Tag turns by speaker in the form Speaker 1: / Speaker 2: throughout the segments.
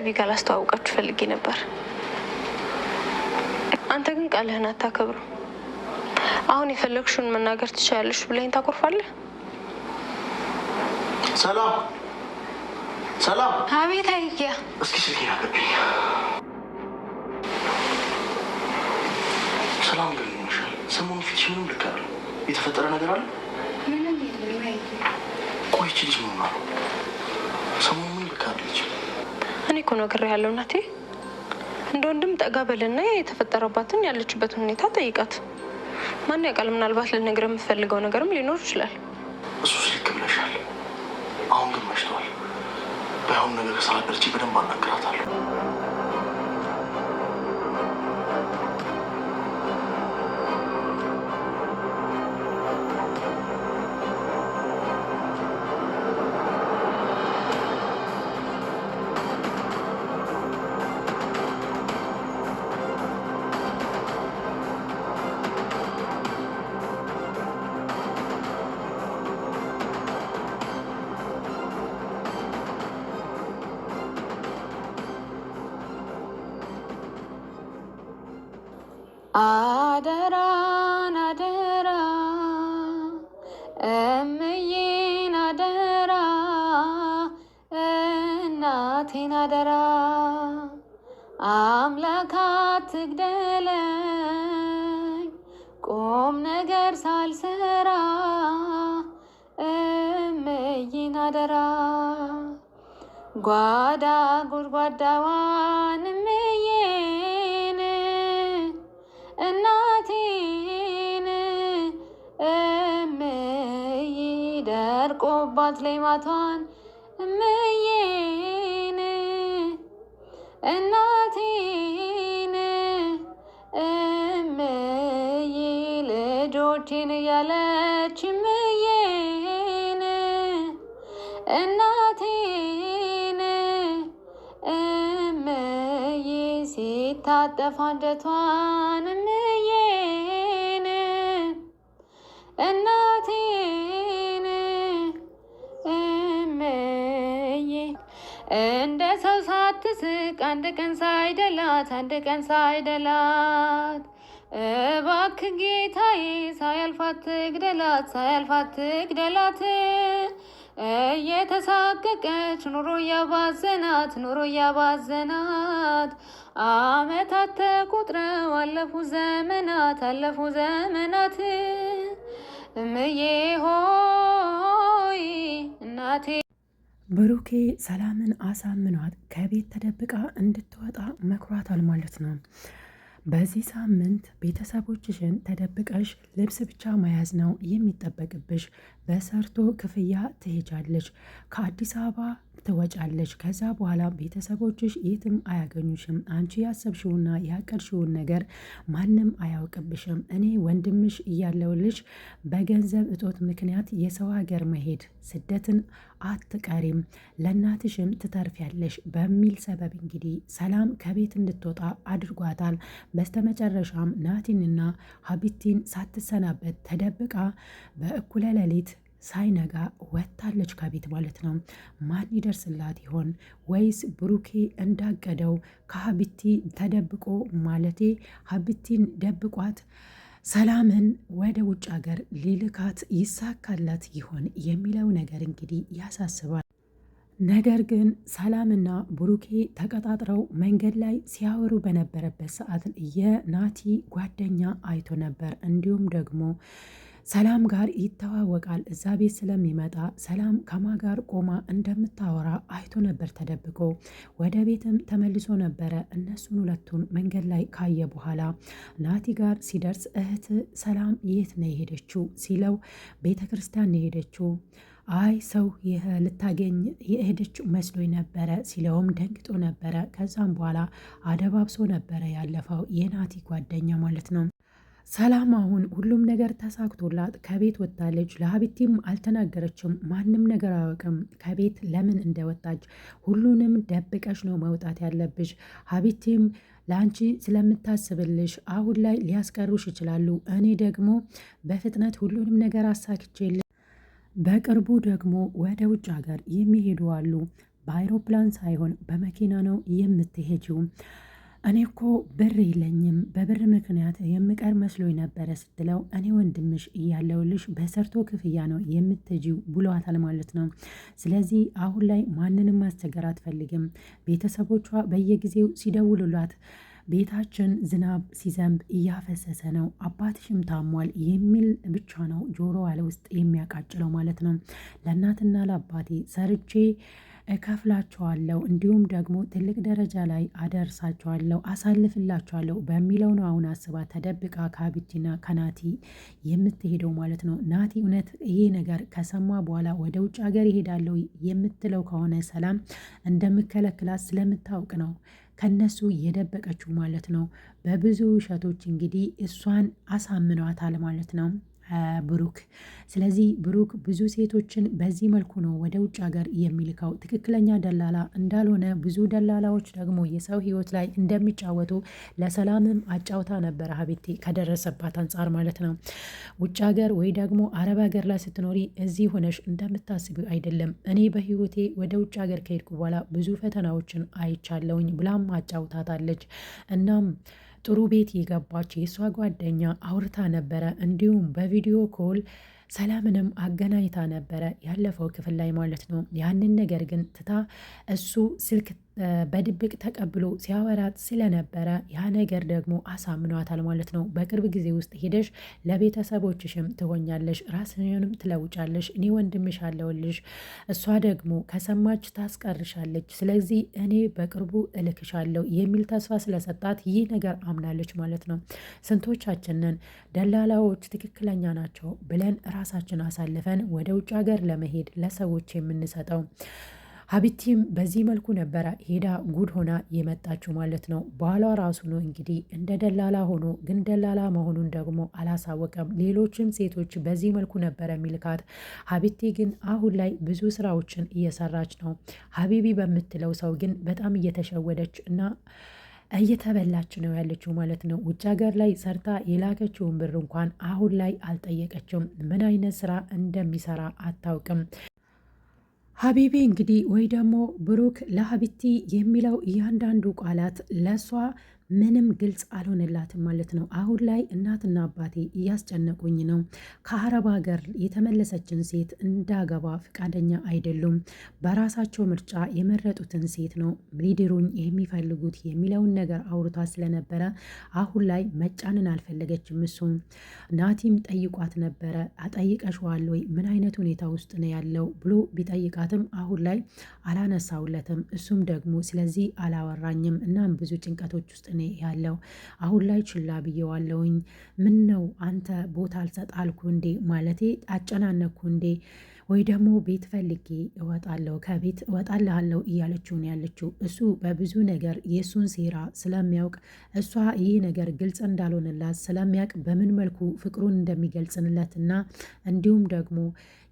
Speaker 1: እኔ ጋር ላስተዋውቃችሁ ፈልጌ ነበር። አንተ ግን ቃልህን አታከብሩ። አሁን የፈለግሽውን መናገር ትችላለሽ ብለኝ ታኮርፋለህ።
Speaker 2: ሰላም ሰላም።
Speaker 1: አቤት። አይያ
Speaker 2: እስኪ ስልክ ያገብኝ። ሰላም ግን ይሆንሻል። ሰሞኑን ፊትሽ ምንም ልክ አለ። የተፈጠረ ነገር አለ?
Speaker 1: ምንም የለም።
Speaker 2: ቆይች ልጅ መሆኗ ሰሞኑ ምን ልክ አለች?
Speaker 1: እኮ ነግሬያለሁ እናቴ። እንደ ወንድም ጠጋ በልና የተፈጠረባትን ያለችበትን ሁኔታ ጠይቃት። ማን ያውቃል፣ ምናልባት ልነግር የምፈልገው ነገርም ሊኖር ይችላል።
Speaker 2: እሱስ ልክ ብለሻል። አሁን ግን መሽተዋል። ባይሆን ነገር ከሰላደርች በደንብ አናግራታለሁ።
Speaker 1: አደራን አደራ እምዬን አደራ እናቴን አደራ አምላክ አትግደለኝ ቁም ነገር ሳልሰራ እምዬን አደራ ጓዳ ጉድጓዳዋን እምዬ ደርቆባት ሌማቷን እምዬን እናቴን እምዬ ልጆቼን እያለች እምዬን እናቴን እምዬ ሲታጠፋ አንጀቷን እናቴን እመዬን እንደ ሰው ሳትስቅ አንድ ቀን ሳይደላት አንድ ቀን ሳይደላት እባክ ጌታዬ ሳያልፋት ትግደላት ሳያልፋት ትግደላት እየተሳቀቀች ኑሮ እያባዘናት ኑሮ እያባዘናት አመታት ተቆጥረው አለፉ ዘመናት አለፉ ዘመናት እምዬ ሆይ እናቴ
Speaker 3: ብሩኬ ሰላምን አሳምኗት ከቤት ተደብቃ እንድትወጣ መኩራታል ማለት ነው። በዚህ ሳምንት ቤተሰቦችሽን ተደብቀሽ ልብስ ብቻ መያዝ ነው የሚጠበቅብሽ። በሰርቶ ክፍያ ትሄጃለች፣ ከአዲስ አበባ ትወጫለች። ከዛ በኋላ ቤተሰቦችሽ የትም አያገኙሽም። አንቺ ያሰብሽውና ያቀድሽውን ነገር ማንም አያውቅብሽም። እኔ ወንድምሽ እያለሁልሽ በገንዘብ እጦት ምክንያት የሰው ሀገር መሄድ ስደትን አትቀሪም፣ ለእናትሽም ትተርፊያለሽ በሚል ሰበብ እንግዲህ ሰላም ከቤት እንድትወጣ አድርጓታል። በስተመጨረሻም ናቲንና ሀቢቲን ሳትሰናበት ተደብቃ በእኩለ ሌሊት ሳይነጋ ወጥታለች ከቤት ማለት ነው። ማን ይደርስላት ይሆን? ወይስ ብሩኬ እንዳቀደው ከሀብቲ ተደብቆ ማለቴ ሀብቲን ደብቋት ሰላምን ወደ ውጭ ሀገር ሊልካት ይሳካላት ይሆን የሚለው ነገር እንግዲህ ያሳስባል። ነገር ግን ሰላምና ብሩኬ ተቀጣጥረው መንገድ ላይ ሲያወሩ በነበረበት ሰዓት የናቲ ጓደኛ አይቶ ነበር እንዲሁም ደግሞ ሰላም ጋር ይተዋወቃል። እዛ ቤት ስለሚመጣ ሰላም ከማ ጋር ቆማ እንደምታወራ አይቶ ነበር ተደብቆ። ወደ ቤትም ተመልሶ ነበረ። እነሱን ሁለቱን መንገድ ላይ ካየ በኋላ ናቲ ጋር ሲደርስ እህት ሰላም የት ነው የሄደችው ሲለው ቤተ ክርስቲያን ነው የሄደችው አይ ሰው ይህ ልታገኝ የሄደችው መስሎኝ ነበረ ሲለውም ደንግጦ ነበረ። ከዛም በኋላ አደባብሶ ነበረ ያለፈው የናቲ ጓደኛ ማለት ነው። ሰላም አሁን ሁሉም ነገር ተሳክቶላት ከቤት ወጣለች። ለሀቢቲም አልተናገረችም። ማንም ነገር አያውቅም ከቤት ለምን እንደወጣች። ሁሉንም ደብቀሽ ነው መውጣት ያለብሽ። ሀቢቲም ለአንቺ ስለምታስብልሽ አሁን ላይ ሊያስቀሩሽ ይችላሉ። እኔ ደግሞ በፍጥነት ሁሉንም ነገር አሳክችል በቅርቡ ደግሞ ወደ ውጭ ሀገር የሚሄዱ አሉ። በአይሮፕላን ሳይሆን በመኪና ነው የምትሄጂው እኔ እኮ ብር የለኝም በብር ምክንያት የምቀር መስሎ ነበረ ስትለው እኔ ወንድምሽ እያለሁልሽ በሰርቶ ክፍያ ነው የምትጂው ብሏታል ማለት ነው። ስለዚህ አሁን ላይ ማንንም ማስቸገር አትፈልግም። ቤተሰቦቿ በየጊዜው ሲደውሉላት ቤታችን ዝናብ ሲዘንብ እያፈሰሰ ነው፣ አባትሽም ታሟል የሚል ብቻ ነው ጆሮዋ ውስጥ የሚያቃጭለው ማለት ነው። ለእናትና ለአባቴ ሰርቼ እከፍላችኋለሁ እንዲሁም ደግሞ ትልቅ ደረጃ ላይ አደርሳችኋለሁ አሳልፍላችኋለሁ በሚለው ነው አሁን አስባ ተደብቃ ከአብችና ከናቲ የምትሄደው ማለት ነው። ናቲ እውነት ይሄ ነገር ከሰማ በኋላ ወደ ውጭ ሀገር ይሄዳለሁ የምትለው ከሆነ ሰላም እንደምከለክላት ስለምታውቅ ነው ከነሱ የደበቀችው ማለት ነው። በብዙ ውሸቶች እንግዲህ እሷን አሳምኗታል ማለት ነው። ብሩክ። ስለዚህ ብሩክ ብዙ ሴቶችን በዚህ መልኩ ነው ወደ ውጭ ሀገር የሚልከው። ትክክለኛ ደላላ እንዳልሆነ ብዙ ደላላዎች ደግሞ የሰው ህይወት ላይ እንደሚጫወቱ ለሰላምም አጫውታ ነበረ ሀቤቴ ከደረሰባት አንጻር ማለት ነው። ውጭ ሀገር ወይ ደግሞ አረብ ሀገር ላይ ስትኖሪ እዚህ ሆነሽ እንደምታስቢ አይደለም። እኔ በህይወቴ ወደ ውጭ ሀገር ከሄድኩ በኋላ ብዙ ፈተናዎችን አይቻለውኝ ብላም አጫውታታለች እናም ጥሩ ቤት የገባች የእሷ ጓደኛ አውርታ ነበረ። እንዲሁም በቪዲዮ ኮል ሰላምንም አገናኝታ ነበረ ያለፈው ክፍል ላይ ማለት ነው። ያንን ነገር ግን ትታ እሱ ስልክ በድብቅ ተቀብሎ ሲያወራት ስለነበረ ያ ነገር ደግሞ አሳምኗታል ማለት ነው። በቅርብ ጊዜ ውስጥ ሄደሽ ለቤተሰቦችሽም ትሆኛለሽ፣ ራስሽንም ትለውጫለሽ። እኔ ወንድምሽ አለውልሽ እሷ ደግሞ ከሰማች ታስቀርሻለች። ስለዚህ እኔ በቅርቡ እልክሻለሁ የሚል ተስፋ ስለሰጣት ይህ ነገር አምናለች ማለት ነው። ስንቶቻችንን ደላላዎች ትክክለኛ ናቸው ብለን ራሳችን አሳልፈን ወደ ውጭ ሀገር ለመሄድ ለሰዎች የምንሰጠው ሀቢቲም በዚህ መልኩ ነበረ ሄዳ ጉድ ሆና የመጣችው ማለት ነው። ባሏ ራሱ ነው እንግዲህ እንደ ደላላ ሆኖ ግን ደላላ መሆኑን ደግሞ አላሳወቀም። ሌሎችም ሴቶች በዚህ መልኩ ነበረ የሚልካት። ሀቢቲ ግን አሁን ላይ ብዙ ስራዎችን እየሰራች ነው። ሀቢቢ በምትለው ሰው ግን በጣም እየተሸወደች እና እየተበላች ነው ያለችው ማለት ነው። ውጭ ሀገር ላይ ሰርታ የላከችውን ብር እንኳን አሁን ላይ አልጠየቀችም። ምን አይነት ስራ እንደሚሰራ አታውቅም። ሀቢቢ እንግዲህ ወይ ደግሞ ብሩክ ለሀቢቲ የሚለው እያንዳንዱ ቃላት ለእሷ ምንም ግልጽ አልሆንላትም ማለት ነው። አሁን ላይ እናትና አባቴ እያስጨነቁኝ ነው። ከአረብ ሀገር የተመለሰችን ሴት እንዳገባ ፈቃደኛ አይደሉም። በራሳቸው ምርጫ የመረጡትን ሴት ነው ሊድሩኝ የሚፈልጉት የሚለውን ነገር አውርቷ ስለነበረ አሁን ላይ መጫንን አልፈለገችም። እሱ ናቲም ጠይቋት ነበረ። አጠይቀሽዋል ወይ ምን አይነት ሁኔታ ውስጥ ነው ያለው ብሎ ቢጠይቃትም አሁን ላይ አላነሳውለትም። እሱም ደግሞ ስለዚህ አላወራኝም። እናም ብዙ ጭንቀቶች ውስጥ ያለው አሁን ላይ ችላ ብየዋለውኝ። ምን ነው አንተ ቦታ አልሰጥ አልኩ እንዴ ማለቴ አጨናነኩ እንዴ ወይ ደግሞ ቤት ፈልጌ እወጣለሁ ከቤት እወጣልሃለሁ እያለችውን ያለችው። እሱ በብዙ ነገር የእሱን ሴራ ስለሚያውቅ እሷ ይህ ነገር ግልጽ እንዳልሆነላት ስለሚያውቅ በምን መልኩ ፍቅሩን እንደሚገልጽንለት እና እንዲሁም ደግሞ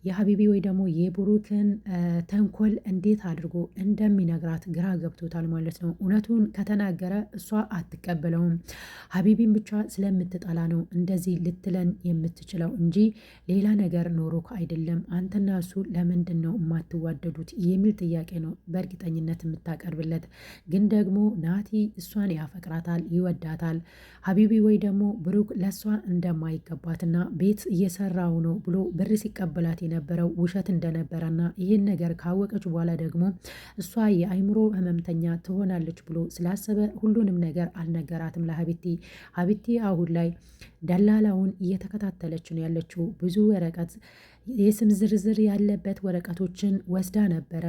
Speaker 3: የሀቢቢ ወይ ደግሞ የብሩክን ተንኮል እንዴት አድርጎ እንደሚነግራት ግራ ገብቶታል ማለት ነው። እውነቱን ከተናገረ እሷ አትቀበለውም። ሀቢቢን ብቻ ስለምትጠላ ነው እንደዚህ ልትለን የምትችለው እንጂ ሌላ ነገር ኖሮክ አይደለም። አንተና እሱ ለምንድን ነው የማትዋደዱት የሚል ጥያቄ ነው በእርግጠኝነት የምታቀርብለት። ግን ደግሞ ናቲ እሷን ያፈቅራታል፣ ይወዳታል። ሀቢቢ ወይ ደግሞ ብሩክ ለእሷ እንደማይገባትና ቤት እየሰራው ነው ብሎ ብር ሲቀበላት የነበረው ውሸት እንደነበረና ይህን ነገር ካወቀች በኋላ ደግሞ እሷ የአይምሮ ህመምተኛ ትሆናለች ብሎ ስላሰበ ሁሉንም ነገር አልነገራትም ለሀቢቲ። ሀቢቲ አሁን ላይ ደላላውን እየተከታተለች ነው ያለችው። ብዙ ወረቀት የስም ዝርዝር ያለበት ወረቀቶችን ወስዳ ነበረ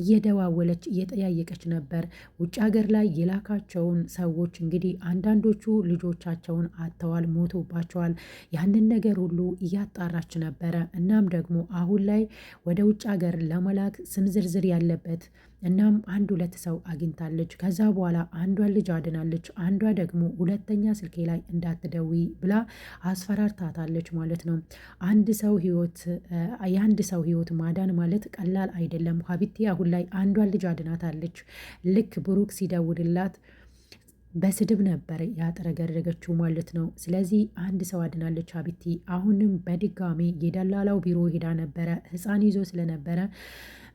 Speaker 3: እየደዋወለች እየጠያየቀች ነበር። ውጭ ሀገር ላይ የላካቸውን ሰዎች እንግዲህ አንዳንዶቹ ልጆቻቸውን አጥተዋል፣ ሞቶባቸዋል። ያንን ነገር ሁሉ እያጣራች ነበረ። እናም ደግሞ አሁን ላይ ወደ ውጭ ሀገር ለመላክ ስም ዝርዝር ያለበት እናም አንድ ሁለት ሰው አግኝታለች። ከዛ በኋላ አንዷ ልጅ አድናለች። አንዷ ደግሞ ሁለተኛ ስልኬ ላይ እንዳትደዊ ብላ አስፈራርታታለች ማለት ነው። አንድ ሰው ህይወት የአንድ ሰው ህይወት ማዳን ማለት ቀላል አይደለም። ሀቢቴ አሁን ላይ አንዷ ልጅ አድናታለች። ልክ ብሩክ ሲደውልላት በስድብ ነበር ያጠረገረገችው ማለት ነው። ስለዚህ አንድ ሰው አድናለች ሀቢቲ። አሁንም በድጋሜ የደላላው ቢሮ ሄዳ ነበረ ህፃን ይዞ ስለነበረ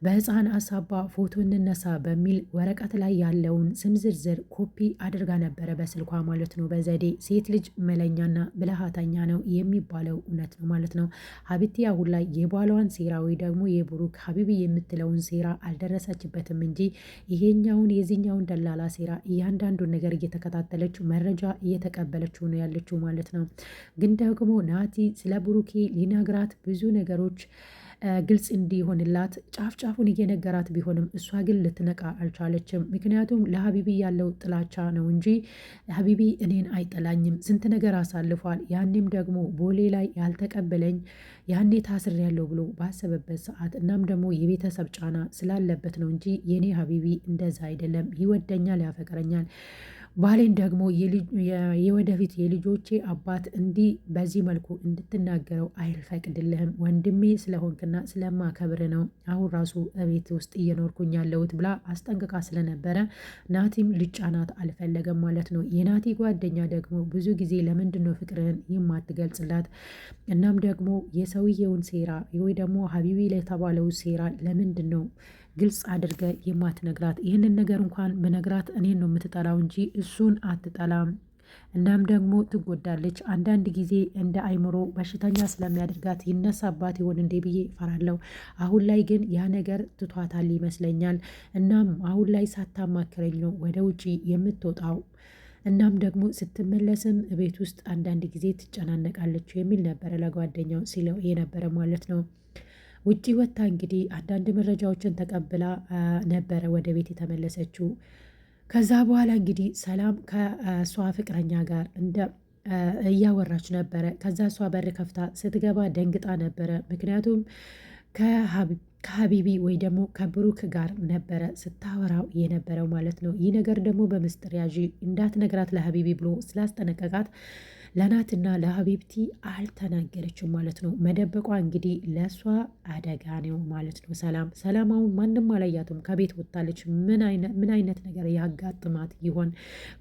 Speaker 3: በህፃን አሳባ ፎቶ እንነሳ በሚል ወረቀት ላይ ያለውን ስም ዝርዝር ኮፒ አድርጋ ነበረ በስልኳ ማለት ነው። በዘዴ ሴት ልጅ መለኛና ብልሃተኛ ነው የሚባለው እውነት ነው ማለት ነው። ሀቢቲ አሁን ላይ የባሏን ሴራ ወይ ደግሞ የብሩክ ሀቢቢ የምትለውን ሴራ አልደረሰችበትም እንጂ ይሄኛውን የዚህኛውን ደላላ ሴራ እያንዳንዱን ነገር እየተከታተለችው መረጃ እየተቀበለችው ነው ያለችው ማለት ነው። ግን ደግሞ ናቲ ስለ ብሩኬ ሊነግራት ብዙ ነገሮች ግልጽ እንዲሆንላት ጫፍ ጫፉን እየነገራት ቢሆንም እሷ ግን ልትነቃ አልቻለችም። ምክንያቱም ለሀቢቢ ያለው ጥላቻ ነው እንጂ ሀቢቢ እኔን አይጠላኝም። ስንት ነገር አሳልፏል። ያኔም ደግሞ ቦሌ ላይ ያልተቀበለኝ ያኔ ታስር ያለው ብሎ ባሰበበት ሰዓት እናም ደግሞ የቤተሰብ ጫና ስላለበት ነው እንጂ የኔ ሀቢቢ እንደዛ አይደለም። ይወደኛል፣ ያፈቅረኛል ባሌን ደግሞ የወደፊት የልጆቼ አባት እንዲህ በዚህ መልኩ እንድትናገረው አይፈቅድልህም ወንድሜ ስለሆንክና ስለማከብር ነው አሁን ራሱ እቤት ውስጥ እየኖርኩኝ ያለሁት ብላ አስጠንቅቃ ስለነበረ ናቲም ልጫናት አልፈለገም ማለት ነው። የናቲ ጓደኛ ደግሞ ብዙ ጊዜ ለምንድን ነው ፍቅርህን የማትገልጽላት? እናም ደግሞ የሰውየውን ሴራ ወይ ደግሞ ሀቢቢ ለተባለው ሴራ ለምንድን ነው ግልጽ አድርገ የማትነግራት ይህንን ነገር እንኳን በነግራት እኔን ነው የምትጠላው እንጂ እሱን አትጠላም። እናም ደግሞ ትጎዳለች። አንዳንድ ጊዜ እንደ አይምሮ በሽተኛ ስለሚያደርጋት ይነሳባት ይሆን እንዴ ብዬ እፈራለሁ። አሁን ላይ ግን ያ ነገር ትቷታል ይመስለኛል። እናም አሁን ላይ ሳታማክረኝ ነው ወደ ውጪ የምትወጣው። እናም ደግሞ ስትመለስም ቤት ውስጥ አንዳንድ ጊዜ ትጨናነቃለች የሚል ነበረ ለጓደኛው ሲለው የነበረ ማለት ነው። ውጪ ወታ እንግዲህ አንዳንድ መረጃዎችን ተቀብላ ነበረ ወደ ቤት የተመለሰችው። ከዛ በኋላ እንግዲህ ሰላም ከእሷ ፍቅረኛ ጋር እንደ እያወራች ነበረ። ከዛ እሷ በር ከፍታ ስትገባ ደንግጣ ነበረ። ምክንያቱም ከሀቢቢ ወይ ደግሞ ከብሩክ ጋር ነበረ ስታወራው የነበረው ማለት ነው። ይህ ነገር ደግሞ በምስጢር ያዢ እንዳትነግራት ለሀቢቢ ብሎ ስላስጠነቀቃት ለናትና ለሀቢብቲ አልተናገረችም ማለት ነው። መደበቋ እንግዲህ ለእሷ አደጋ ነው ማለት ነው። ሰላም ሰላም አሁን ማንም አላያትም። ከቤት ወጣለች። ምን አይነት ነገር ያጋጥማት ይሆን?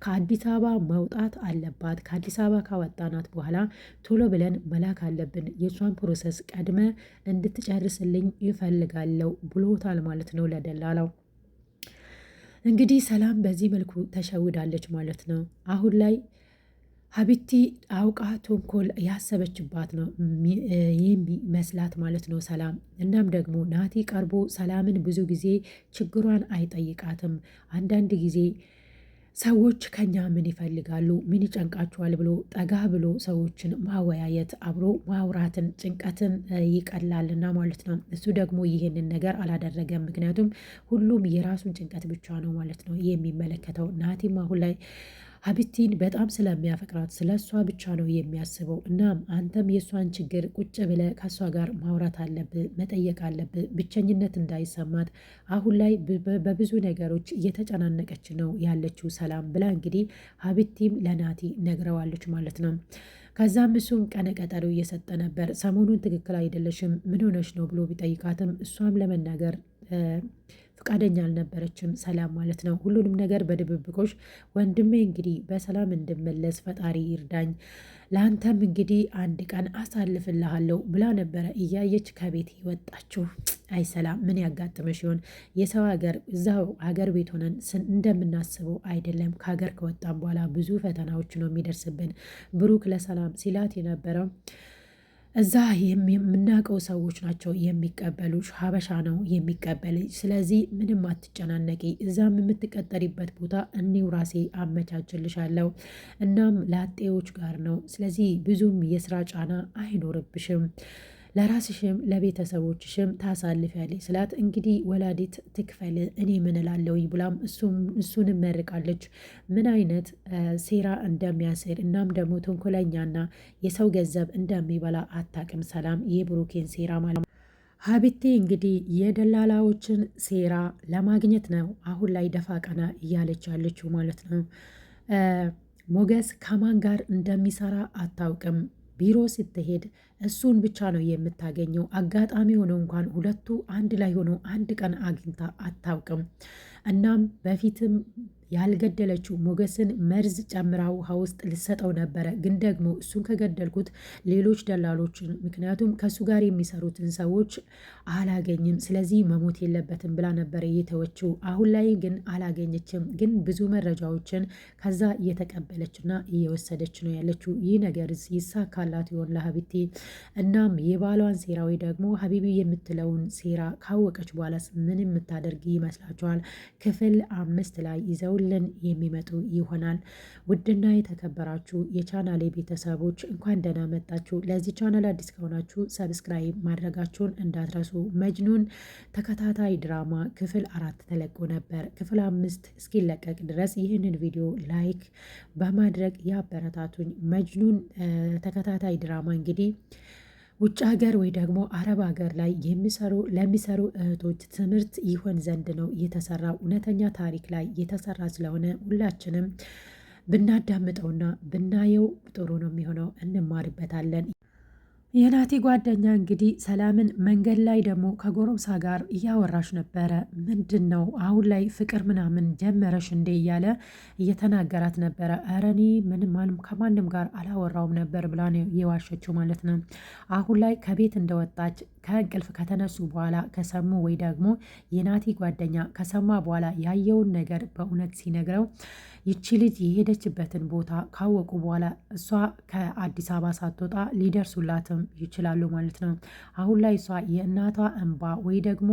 Speaker 3: ከአዲስ አበባ መውጣት አለባት። ከአዲስ አበባ ካወጣናት በኋላ ቶሎ ብለን መላክ አለብን። የእሷን ፕሮሰስ ቀድመ እንድትጨርስልኝ ይፈልጋለው ብሎታል ማለት ነው ለደላላው። እንግዲህ ሰላም በዚህ መልኩ ተሸውዳለች ማለት ነው አሁን ላይ ሀቢቲ አውቃ ተንኮል ያሰበችባት ነው የሚመስላት ማለት ነው ሰላም። እናም ደግሞ ናቲ ቀርቦ ሰላምን ብዙ ጊዜ ችግሯን አይጠይቃትም። አንዳንድ ጊዜ ሰዎች ከኛ ምን ይፈልጋሉ፣ ምን ይጨንቃቸዋል ብሎ ጠጋ ብሎ ሰዎችን ማወያየት አብሮ ማውራትን ጭንቀትን ይቀላልና ማለት ነው። እሱ ደግሞ ይህንን ነገር አላደረገም። ምክንያቱም ሁሉም የራሱን ጭንቀት ብቻ ነው ማለት ነው የሚመለከተው። ናቲም አሁን ላይ ሀብቲን በጣም ስለሚያፈቅራት ስለ እሷ ብቻ ነው የሚያስበው። እናም አንተም የእሷን ችግር ቁጭ ብለህ ከእሷ ጋር ማውራት አለብህ፣ መጠየቅ አለብህ። ብቸኝነት እንዳይሰማት አሁን ላይ በብዙ ነገሮች እየተጨናነቀች ነው ያለችው ሰላም ብላ እንግዲህ ሀብቲም ለናቲ ነግረዋለች ማለት ነው። ከዛም እሱም ቀነ እየሰጠ ነበር። ሰሞኑን ትክክል አይደለሽም ምን ሆነሽ ነው ብሎ ቢጠይቃትም እሷም ለመናገር ፈቃደኛ አልነበረችም ሰላም ማለት ነው። ሁሉንም ነገር በድብብቆች ወንድሜ እንግዲህ በሰላም እንድመለስ ፈጣሪ ይርዳኝ፣ ለአንተም እንግዲህ አንድ ቀን አሳልፍልሃለሁ ብላ ነበረ እያየች ከቤት ወጣችሁ። አይ ሰላም ምን ያጋጥመሽ ይሆን? የሰው ሀገር እዛው ሀገር ቤት ሆነን እንደምናስበው አይደለም። ከሀገር ከወጣም በኋላ ብዙ ፈተናዎች ነው የሚደርስብን። ብሩክ ለሰላም ሲላት የነበረው እዛ የምናውቀው ሰዎች ናቸው የሚቀበሉ ሀበሻ ነው የሚቀበል ስለዚህ ምንም አትጨናነቂ። እዛም የምትቀጠሪበት ቦታ እኔው ራሴ አመቻችልሻለሁ። እናም ላጤዎች ጋር ነው። ስለዚህ ብዙም የስራ ጫና አይኖርብሽም። ለራስሽም ለቤተሰቦችሽም ታሳልፊያለሽ ስላት እንግዲህ ወላዲት ትክፈል እኔ ምን እላለሁኝ ብላም መርቃለች። ምን አይነት ሴራ እንደሚያስር እናም ደግሞ ተንኮለኛና የሰው ገንዘብ እንደሚበላ አታቅም ሰላም የብሩኬን ሴራ ማለት ሀቢቴ እንግዲህ የደላላዎችን ሴራ ለማግኘት ነው አሁን ላይ ደፋ ቀና እያለች ያለችው ማለት ነው። ሞገስ ከማን ጋር እንደሚሰራ አታውቅም። ቢሮ ስትሄድ እሱን ብቻ ነው የምታገኘው። አጋጣሚ ሆነው እንኳን ሁለቱ አንድ ላይ ሆነው አንድ ቀን አግኝታ አታውቅም። እናም በፊትም ያልገደለችው ሞገስን መርዝ ጨምራ ውሃ ውስጥ ልሰጠው ነበረ። ግን ደግሞ እሱን ከገደልኩት ሌሎች ደላሎችን ምክንያቱም ከእሱ ጋር የሚሰሩትን ሰዎች አላገኝም፣ ስለዚህ መሞት የለበትም ብላ ነበረ እየተወችው። አሁን ላይ ግን አላገኘችም፣ ግን ብዙ መረጃዎችን ከዛ እየተቀበለችና እየወሰደች ነው ያለችው። ይህ ነገር ይሳካላት ይሆን ለሀቢቴ? እናም የባሏን ሴራዊ ደግሞ ሀቢቢ የምትለውን ሴራ ካወቀች በኋላስ ምን የምታደርግ ይመስላችኋል? ክፍል አምስት ላይ ይዘው ይዘውልን የሚመጡ ይሆናል። ውድና የተከበራችሁ የቻናሌ ቤተሰቦች እንኳን ደህና መጣችሁ። ለዚህ ቻናል አዲስ ከሆናችሁ ሰብስክራይብ ማድረጋችሁን እንዳትረሱ። መጅኑን ተከታታይ ድራማ ክፍል አራት ተለቆ ነበር። ክፍል አምስት እስኪለቀቅ ድረስ ይህንን ቪዲዮ ላይክ በማድረግ ያበረታቱኝ። መጅኑን ተከታታይ ድራማ እንግዲህ ውጭ ሀገር ወይ ደግሞ አረብ ሀገር ላይ የሚሰሩ ለሚሰሩ እህቶች ትምህርት ይሆን ዘንድ ነው የተሰራ እውነተኛ ታሪክ ላይ የተሰራ ስለሆነ ሁላችንም ብናዳምጠውና ብናየው ጥሩ ነው የሚሆነው። እንማርበታለን። የናቲ ጓደኛ እንግዲህ ሰላምን መንገድ ላይ ደግሞ ከጎረምሳ ጋር እያወራሽ ነበረ። ምንድን ነው አሁን ላይ ፍቅር ምናምን ጀመረሽ እንዴ? እያለ እየተናገራት ነበረ። ኧረ እኔ ምንም ከማንም ጋር አላወራውም ነበር ብላ የዋሸችው ማለት ነው። አሁን ላይ ከቤት እንደወጣች ከእንቅልፍ ከተነሱ በኋላ ከሰሙ ወይ ደግሞ የናቲ ጓደኛ ከሰማ በኋላ ያየውን ነገር በእውነት ሲነግረው ይቺ ልጅ የሄደችበትን ቦታ ካወቁ በኋላ እሷ ከአዲስ አበባ ሳትወጣ ሊደርሱላትም ይችላሉ ማለት ነው። አሁን ላይ እሷ የእናቷ እንባ ወይ ደግሞ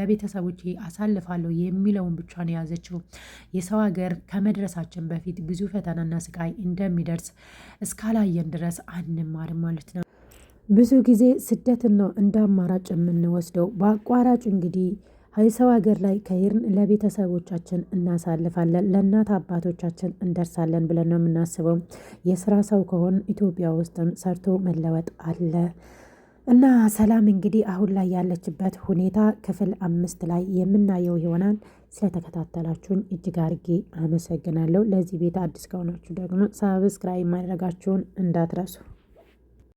Speaker 3: ለቤተሰቦች አሳልፋለሁ የሚለውን ብቻ ነው የያዘችው። የሰው ሀገር ከመድረሳችን በፊት ብዙ ፈተናና ስቃይ እንደሚደርስ እስካላየን ድረስ አንማርም ማለት ነው። ብዙ ጊዜ ስደትን ነው እንደ አማራጭ የምንወስደው። በአቋራጭ እንግዲህ ሀይሰው ሀገር ላይ ከሄድን ለቤተሰቦቻችን እናሳልፋለን፣ ለእናት አባቶቻችን እንደርሳለን ብለን ነው የምናስበው። የስራ ሰው ከሆን ኢትዮጵያ ውስጥም ሰርቶ መለወጥ አለ እና ሰላም እንግዲህ አሁን ላይ ያለችበት ሁኔታ ክፍል አምስት ላይ የምናየው ይሆናል። ስለተከታተላችሁን እጅግ አርጌ አመሰግናለሁ። ለዚህ ቤት አዲስ ከሆናችሁ ደግሞ ሳብስክራይብ ማድረጋችሁን እንዳትረሱ።